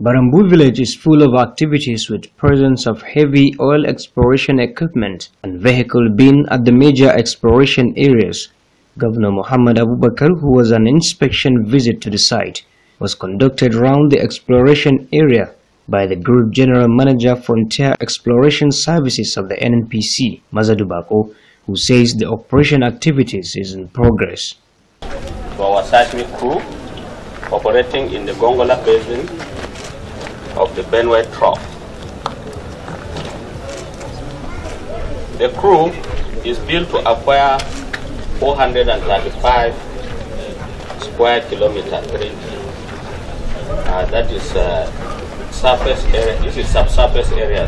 Barambu village is full of activities with presence of heavy oil exploration equipment and vehicle being at the major exploration areas. Governor Muhammad Abubakar, who was an inspection visit to the site, was conducted round the exploration area by the Group General Manager Frontier Exploration Services of the NNPC, Mazadubako, who says the operation activities is in progress. our seismic crew operating in the Gongola Basin of the Benway Trough. The crew is built to acquire 435 square kilometer 3 uh, that is uh, surface area this is subsurface area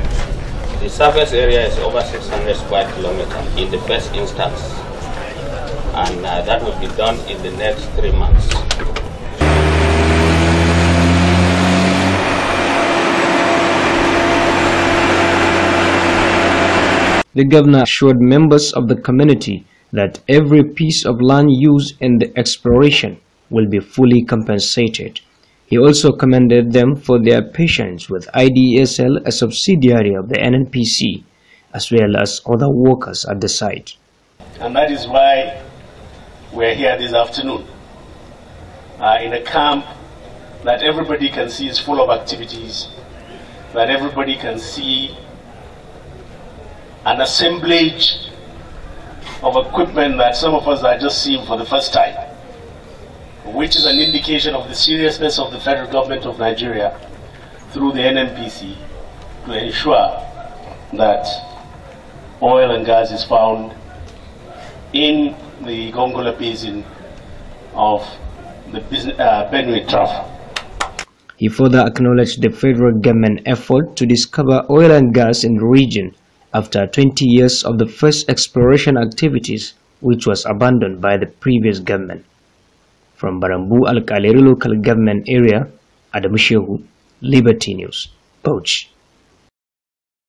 the surface area is over 600 square kilometer in the first instance and uh, that will be done in the next three months The governor assured members of the community that every piece of land used in the exploration will be fully compensated. He also commended them for their patience with IDSL, a subsidiary of the NNPC, as well as other workers at the site. And that is why we're here this afternoon uh, in a camp that everybody can see is full of activities, that everybody can see an assemblage of equipment that some of us are just seeing for the first time, which is an indication of the seriousness of the federal government of Nigeria through the NMPC to ensure that oil and gas is found in the Gongola Basin of the uh, Benue Trough. He further acknowledged the federal government effort to discover oil and gas in the region after 20 years of the first exploration activities which was abandoned by the previous government. From Barambu Alkaliri local government area, Adamu Shehu, Liberty News, Poach.